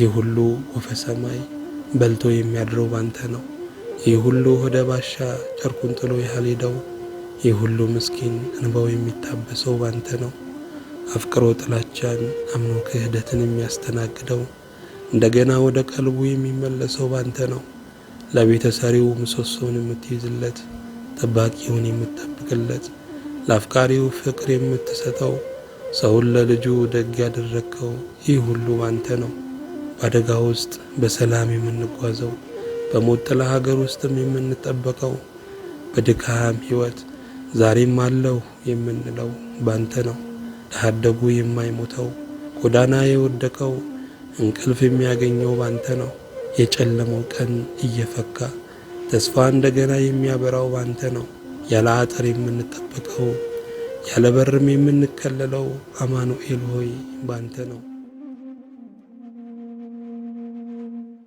ይህ ሁሉ ወፈ ሰማይ በልቶ የሚያድረው ባንተ ነው። ይህ ሁሉ ሆደ ባሻ ጨርቁን ጥሎ ያልሄደው፣ ይህ ሁሉ ምስኪን እንባው የሚታበሰው ባንተ ነው። አፍቅሮ ጥላቻን አምኖ ክህደትን የሚያስተናግደው እንደገና ወደ ቀልቡ የሚመለሰው ባንተ ነው። ለቤተ ሰሪው ምሰሶውን የምትይዝለት፣ ጠባቂውን የምትጠብቅለት፣ ለአፍቃሪው ፍቅር የምትሰጠው፣ ሰውን ለልጁ ደግ ያደረግከው ይህ ሁሉ ባንተ ነው። በአደጋ ውስጥ በሰላም የምንጓዘው፣ በሞት ጥላ ሀገር ውስጥም የምንጠበቀው፣ በድካም ህይወት ዛሬም አለው የምንለው ባንተ ነው። ተሃደጉ የማይሞተው ጎዳና የወደቀው እንቅልፍ የሚያገኘው ባንተ ነው። የጨለመው ቀን እየፈካ ተስፋ እንደገና የሚያበራው ባንተ ነው። ያለ አጥር የምንጠበቀው ያለ በርም የምንከለለው አማኑኤል ሆይ ባንተ ነው።